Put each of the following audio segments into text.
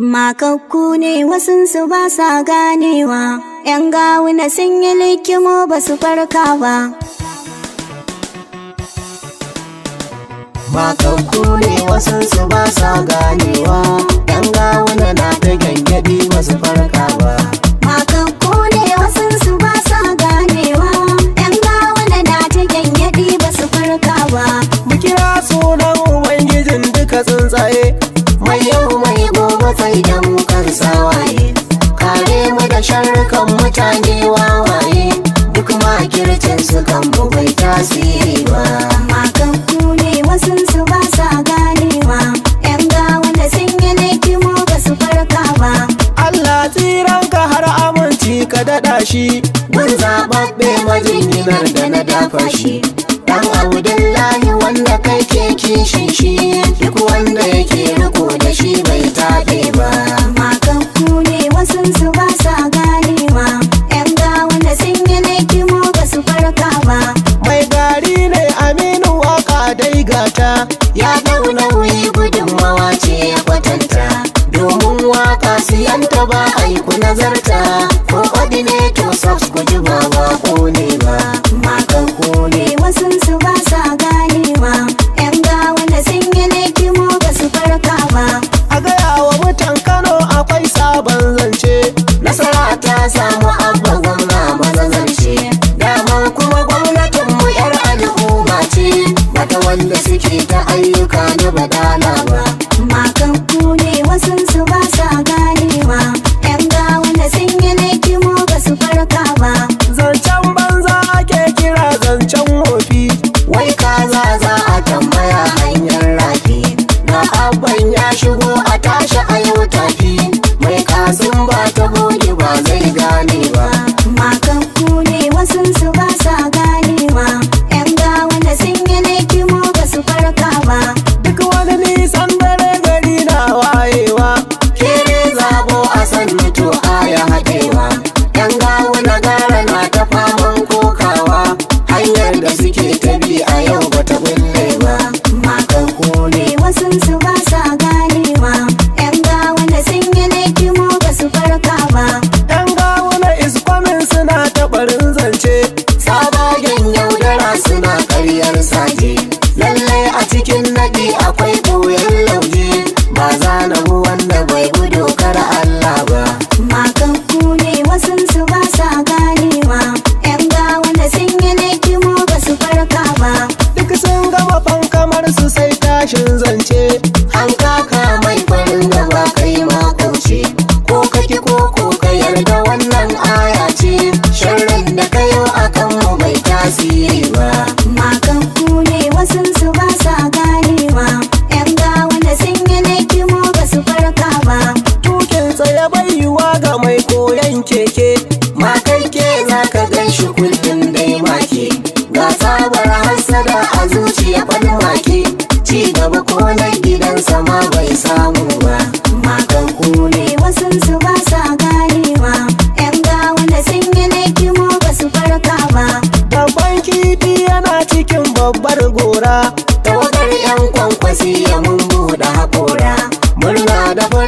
Makakku ne wasunsu ba sa ganewa, ‘yan gawuna sun yi likimo ba su farka ba. Makakku ne wasunsu ba sa ganewa, ‘yan shi mun zaɓaɓɓe majinginar da na dafa shi dan abdullahi wanda kai ke kishin shi duk wanda yake riko da shi bai taɓe ba makan ku ne wasu su ba sa ganewa yan da sun yi laikimo ba su farka ba mai gari ne aminu waka dai gata ya zauna wuyi gudunmawa ce ya kwatanta domin waka yanta ba aiku nazarta 本。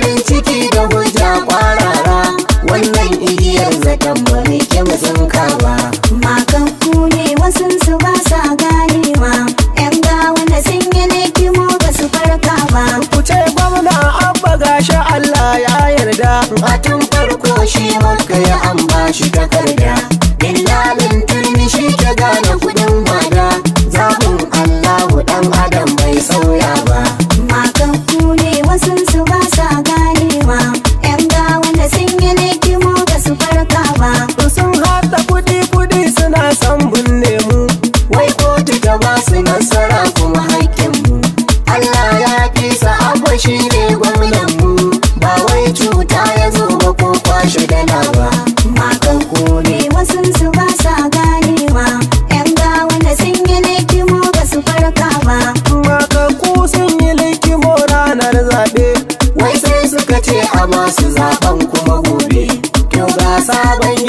farin ciki da hujja kwarara wannan igiyar zaton ba mai kyau kawa makan ne wasu su ba sa ganewa yan gawa na sun yi laifi mu ba su farka ba ku ce gwamna abba shi Allah ya yarda a tun farko shi maka ya amba shi takarda ce a masu zaben kuma gobe Kyau ga sabon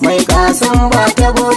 mai kasan ba ta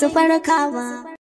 Super cover.